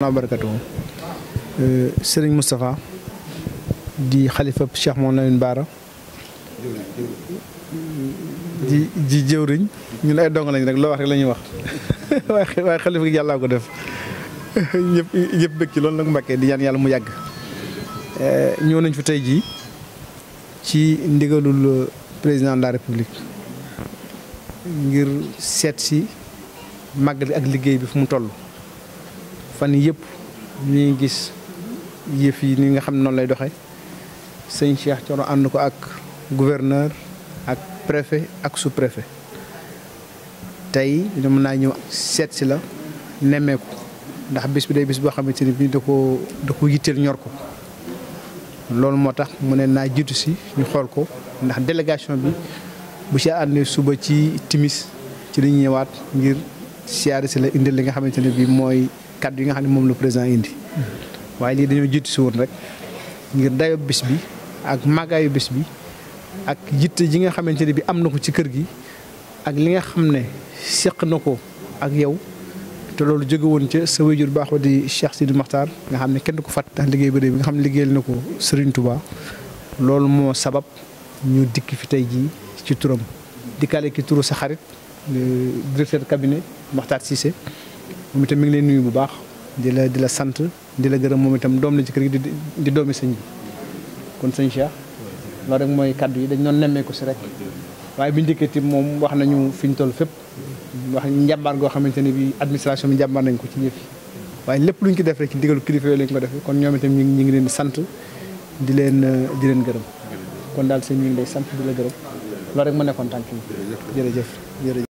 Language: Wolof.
wa barakatu euh, Serigne Moustapha di xalifa Cheikh Mouhamed Lamine Bara di di jëwriñ ñun ay dong lañ rek loo wax rek la wax waaye waaye xalifa gi yàllaa ko def ñëpp ñëpp bëgg ci loolu la ko mbàkkee di ñaan yàlla mu yàgg euh, ñëw nañ fi tey jii ci ndigalul euh, président de la république ngir seet si màggal ak liggéey bi fu mu toll fan yëpp ñu gis yëf yi ni nga xam noonu lay doxee sëñ Cheikh Thioro ànd ko ak gouverneur ak préfet ak sous préfet tey mën naa ñëw seet si la nemmeeku ndax bis bi day bis boo xamante ni bii da ko da ko yitteel ñor ko loolu moo tax mu ne naa jiitu si ñu xool ko ndax délégation bi bu ci àndee suba ci timis ci li ñu ngir. siyaare si la indil li nga xamante ne bii mooy kaddu yi nga xam ne moom la président indi. waaye lii dañoo jiitu si woon rek ngir dayo bis bi ak màggaayu bis bi ak yitte ji nga xamante ne bii am na ko ci kër gi ak li nga xam ne seq na ko ak yow. te loolu jóge woon ca sa wéjur baax wa di Cheikh Sidi Maxtaar nga xam ne kenn du ko fàtte ndax liggéey bëri bi nga xam ne liggéeyal na ko Serigne Touba loolu moo sabab ñu dikk fi tey jii ci turam dikkaale ki turu sa xarit directeur de cabinet Makhtar Cissé moom itam mi ngi leen nuyu bu baax di la di la sant di la gërëm moom itam doom la ci kër gi di di doomi sëñ bi kon sëñ Cheikh loolu rek mooy kaddu yi dañ doon nemmee ko si rek waaye bi njëkkati moom wax nañu fi ñu toll fépp wax njàmbaar goo xamante bi administration bi nañ ko ci yëf yi waaye lépp ko def rek ci digalu kilifa lañ ko defee kon ñoom itam ñu ngi leen di sant di leen di leen gërëm kon daal sëñ ñu ngi lay sant di la gërëm loolu rek ma nekkoon tànk yi jërëjëf jërëjëf